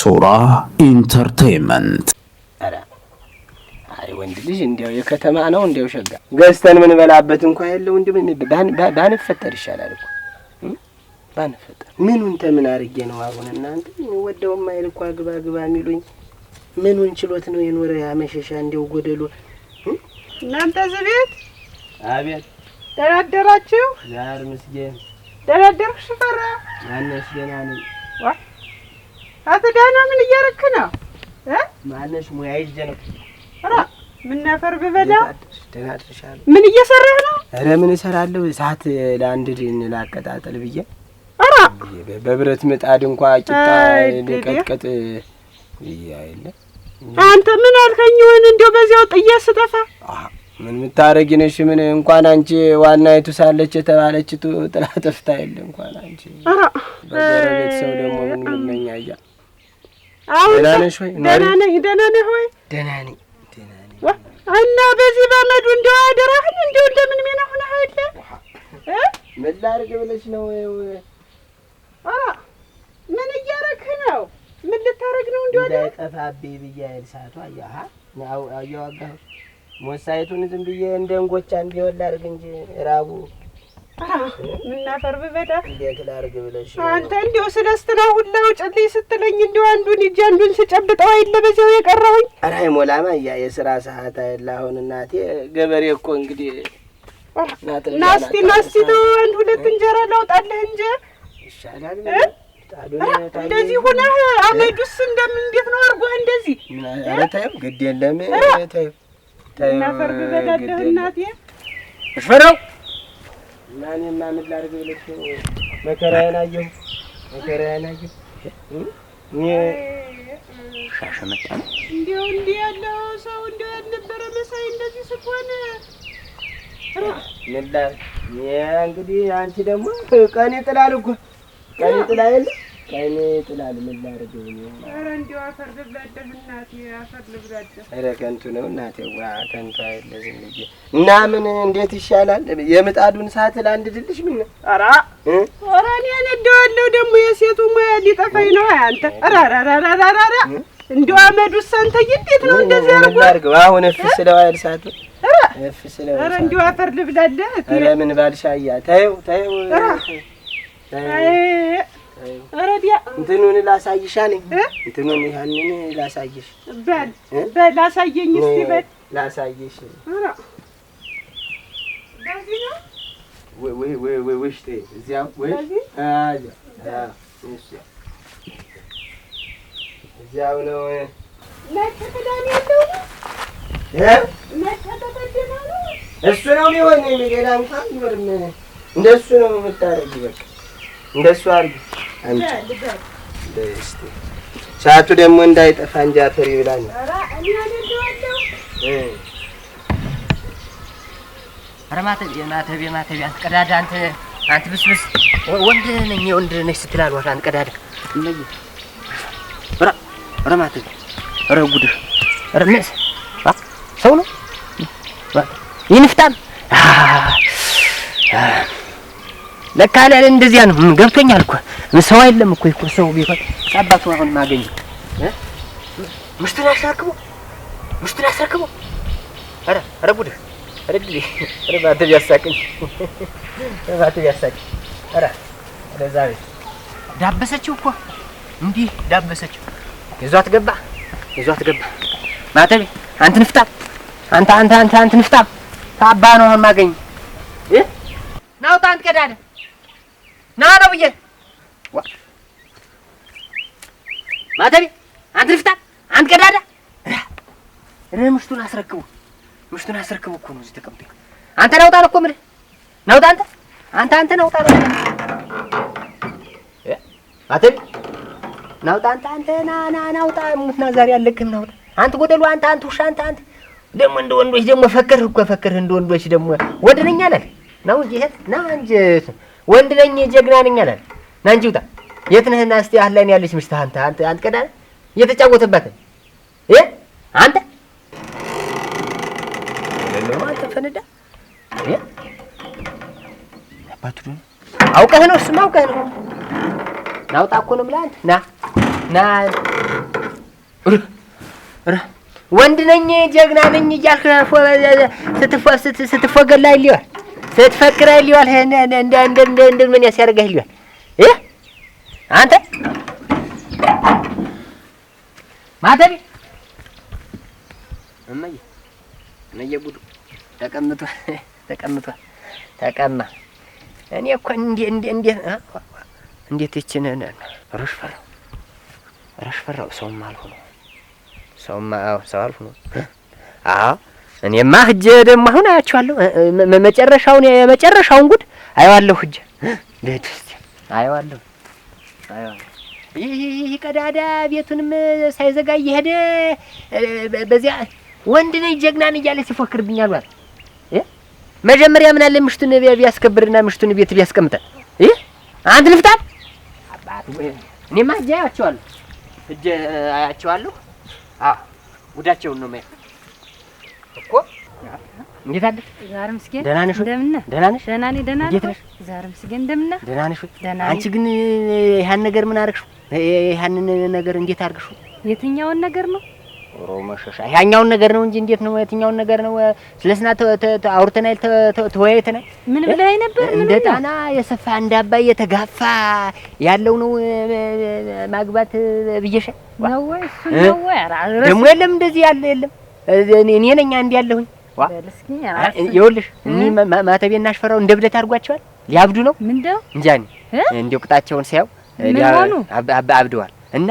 ሱራ ኢንተርቴይመንት። ወንድ ልጅ እንዲያው የከተማ ነው እንዲያው ሸጋ ገዝተን ምን በላበት እንኳ ያለው እንዲ ባንፈጠር ይሻላል እኮ ባንፈጠር። ምኑን ተምን አድርጌ ነው አሁን እናንተ ወደው ማይል እኮ ግባ ግባ የሚሉኝ ምኑን ችሎት ነው የኖረ ያመሸሻ እንዲያው ጎደሎ እናንተ እዚህ አቤት ደረደራችሁ ዛር ምስጌን ደረደርሽ ፈራ ያነሽ ገና ነኝ አቶ ዳና ምን እያረክ ነው? ማነሽ ሙያ ይዤ ነው። ኧረ ምን ነፈር ብበላ ምን እየሰራህ ነው? ኧረ ምን እሰራለሁ? እሳት ለአንድ ድን ላቀጣጠል ብዬ ኧረ በብረት ምጣድ እንኳ ቂጣ ቀጥቀጥ አይለ አንተ ምን አልከኝ? ወን እንደው በዚያው ጥዬ ስጠፋ ምን የምታረጊ ነሽ? ምን እንኳን አንቺ ዋናይቱ ሳለች የተባለች ጥላ ጠፍታ የለ እንኳን አንቺ በጎረቤት ሰው ደግሞ ምን መኛ እያ እና በዚህ በመዱ እንደው አደራህን እንደው እንደምን ሚና ሆነህ አይደለ? ምን ላድርግ ብለሽ ነው? ምን እያረግህ ነው? ምን ልታረግ ነው? እንደው እንዳይጠፋብኝ ብዬ እልሳቷ አየዋጋሁ ሞሳይቱን ዝም ብዬ እንደ እንጎቻ እንዲሆን ላድርግ እንጂ ራቡ ምናፈር ብበዳ አንተ እንዲያው ስለ ስትና ሁላ ስትለኝ እንዲያው አንዱን እጅ አንዱን ስጨብጠው አይለ በዚያው የቀረሁኝ። ኧረ አይሞላማ እያ የስራ ሰዓት አይደል አሁን እናቴ ገበሬ እኮ እንግዲህ ናስቲ ናስቲ ነው አንድ ሁለት እንጀራ ላውጣልህ እንጂ ይሻላል። እንደዚህ ሁነህ አመዱስ እንደምን እንዴት ነው አድርጎህ እንደዚህ። ኧረ ተይው ግድ የለም ተይው ተይው። ምናፈር ብበዳለህ እናቴ እሽፈራው እና እኔማ ምን ላድርግ ብለሽ መከራዬን አየሁ፣ መከራዬን አየሁ። ሻሸመኔ እንዲያው እንዲህ ያለው ሰው እንዲያው ያልነበረ መሳይ እንደዚህ ስትሆን ምን ላድርግ እንግዲህ። አንቺ ደግሞ ቀኔ ጥላል እኮ ቀኔ ጥላ የለ ከእኔ ጥላል ምን ላድርግ? ኧረ እንደው አፈር ልብላደህ እናቴ፣ አፈር ልብላደህ። ኧረ ከንቱ ነው እናቴ፣ ዋ ከንቱ አይደለ ዝም ብዬ እና ምን እንዴት ይሻላል? የምጣዱን ሰዓት ለአንድ ምን ኧረ ኧረ እኔ ነደዋለሁ ደግሞ የሴቱ ሙያ ሊጠፋኝ ነው። አንተ ራራራራራራ እንደው አመዱ ሰንተኝ እንዴት ነው እንደዚህ አድርጎ አሁን እፍ ስለዋል ሰዓቱ እፍ ስለዋል። ኧረ እንደው አፈር ልብላደህ። ኧረ ምን ባልሻያ ተይው ተይው እንትኑን ላሳይሻ ነኝ እንትኑን ላሳይሽ በል በል ላሳየኝ እስኪ በል እዚያው ነው እሱ ነው የሚሆን እንኳን ይኖርም እንደሱ ነው የምታደርጊ በቃ እንደሱ አድርጊ ሰዓቱ ደግሞ እንዳይጠፋ እንጂ አፈሪ ብላኝ። ኧረ ማተቤ ማተቤ ማተቤ አትቀዳድ አንተ አንተ ብስብስ ወንድ ነኝ ወንድ ነኝ ስትላል ኧረ ኧረ ማተቤ ኧረ ኧረ ሰው ነው ለካ ለእኔ እንደዚያ ነው። ገብቶኛል እኮ ሰው አይደለም እኮ እኮ ሰው ቢሆን አባቱ አሁን ማገኝ ምስቱን አስረክቦ ምስቱን አስረክቦ አረ ኧረ ጉድህ ኧረ ግዴ ኧረ ባትህ ቢያሳቅኝ ባትህ ቢያሳቅኝ ኧረ ኧረ ዛሬ ዳበሰችው እኮ እንዲህ ዳበሰችው። ይዟት ገባ ይዟት ገባ። ማተቤ አንተ ንፍጣም አንተ አንተ አንተ አንተ ንፍጣም ታባ ነው አሁን ማገኝ ናውጣ አንተ ቀዳደ ና ነው ብዬ ማተቤ አንድ ልፍታ አንድ ቀዳዳ ምሽቱን አስረክቡ ምሽቱን አስረክቡ እኮ ነው እዚህ ተቀምጦ አንተ ናውጣ እኮ የምልህ ናውጣ አንተ አንተ አንተ ናውጣ ማተቤ ናውጣ አንተ አንተ ና ና ናውጣ ሙትና ዛሬ አለክም ናውጣ አንተ ጎደሉ አንተ አንተ ውሻ አንተ አንተ ደግሞ እንደ ወንዶች ደግሞ ፈከርህ እኮ ፈከርህ እንደ ወንዶች ደግሞ ወደነኛ ነህ ነው እንጂ ና እንጂ ወንድ ነኝ ጀግና ነኝ አላል። ና እንጂ ውጣ። የት ነህ? ነህና? እስቲ አህላይን ያለች ምሽትህ አንተ አንተ አንተ ቀዳ እየተጫወተባት እ አንተ ለለማ ተፈነዳ እ አባቱ አውቀህ ነው እሱም አውቀህ ነው። ናውጣ እኮ ነው የምልህ አንተ ና ና ወንድ ነኝ ጀግና ነኝ እያልክ ስትፎ ስትፎገላ ይለዋል ስትፈቅረህ ሊዋል እንደምን ሲያደርገህ ሊዋል አንተ ማተቤ እመዬ እመዬ ጉዱ ተቀምጧል ተቀምጧል ተቀማ። እኔ እኮ እንዴት ይችን ሮሽ ፈራው ሮሽ ፈራው ሰውም አልሆነው ሰውም ሰው አልሆነው አዎ እኔማ ሂጄ ደግሞ አሁን አያቸዋለሁ። መጨረሻውን የመጨረሻውን ጉድ አየዋለሁ። ሂጄ ቤት ውስጥ አየዋለሁ። ይህ ቀዳዳ ቤቱንም ሳይዘጋ እየሄደ በዚያ ወንድ ነኝ ጀግና ነኝ እያለ ሲፎክርብኝ አሏል። መጀመሪያ ምን አለ ምሽቱን ቢያስከብርና ምሽቱን ቤት ይህ አንድ ልፍታል። እኔማ ሂጄ አያቸዋለሁ። ሂጄ አያቸዋለሁ። ጉዳቸውን ነው ማየት እኮ እንዴት አለሽ? ዛሬ ምስኪን ደህና ነሽ? እንደምን ደህና ነሽ? ደህና ነኝ። ደህና እንዴት ነሽ? ዛሬ ምስኪን እንደምን ነህ? ደህና ነሽ? አንቺ ግን ያን ነገር ምን አደረግሽው? ያንን ነገር እንዴት አድርግሽው? የትኛውን ነገር ነው? ሮ መሸሻ ያኛውን ነገር ነው እንጂ እንዴት ነው? የትኛውን ነገር ነው? ስለስና አውርተናል፣ ተወያይተናል። ምን ብለኸኝ ነበር? እንደ ጣና የሰፋ እንደ አባይ የተጋፋ ያለው ነው ማግባት ብዬሻል። ነው ወይ እሱ ነው ወይ? ደግሞ የለም እንደዚህ ያለ የለም እኔ ነኝ አንድ ያለሁኝ። ይኸውልሽ ማተቤና አሽፈራው እንደ ብደት አድርጓቸዋል። ሊያብዱ ነው ምንድነው? እንጃ እንዲያው ቅጣቸውን ሳያው አብደዋል እና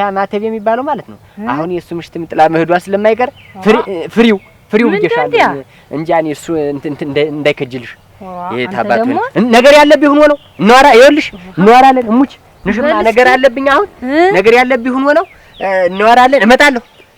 ያ ማተቤ የሚባለው ማለት ነው። አሁን የእሱ ምሽት ጥላ መሄዷ ስለማይቀር ፍሪው ፍሪው ብዬሻለሁ እንጂ እሱ እንዳይከጅልሽ የታባቱ ነገር ያለብኝ ሆኖ ነው። እናወራ ይኸውልሽ፣ እናወራለን እሙች ንሽማ ነገር አለብኝ አሁን ነገር ያለብኝ ሆኖ ነው። እናወራለን እመጣለሁ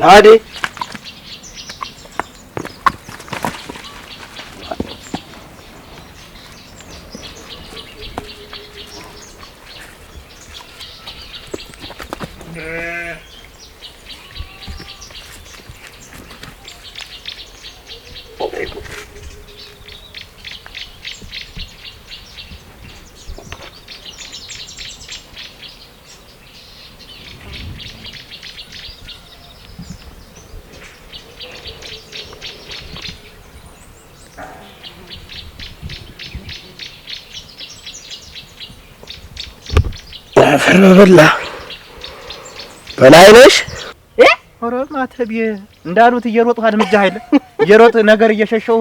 Hadi. አፈር በበላ በላይ ነሽ። ኧረ ማተቤ እንዳሉት እየሮጥህ አልምጃህ አይደል? እየሮጥ ነገር እየሸሸው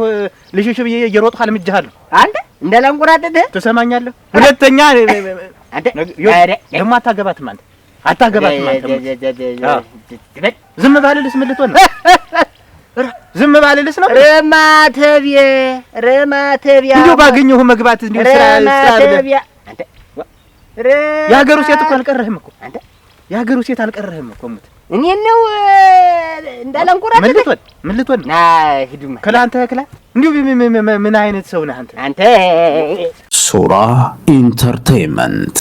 ልሽሽ ብዬ እየሮጥህ አልምጃሃለሁ። አንተ እንደ ላንቆራደደ ትሰማኛለህ። ሁለተኛ ደግሞ አታገባትም አንተ አታገባትም አንተ ዝም ባልልስ ምን ልትሆን ነው? ዝም ባልልስ ነው ረማተቢያ ረማተቢያ እንዲሁ ባገኘሁ መግባት እንዲሁ ስራ ረማተቢያ አንተ የሀገሩ ሴት እኮ አልቀረህም እኮ አንተ የሀገሩ ሴት አልቀረህም እኮ ሙት እኔ ነው እንዳላንቆራ ምን ልትሆን ምን ልትሆን ና ሂዱማ ከላ አንተ ከላ እንዲሁ ምን አይነት ሰው ነህ አንተ አንተ ሱራ ኢንተርቴይንመንት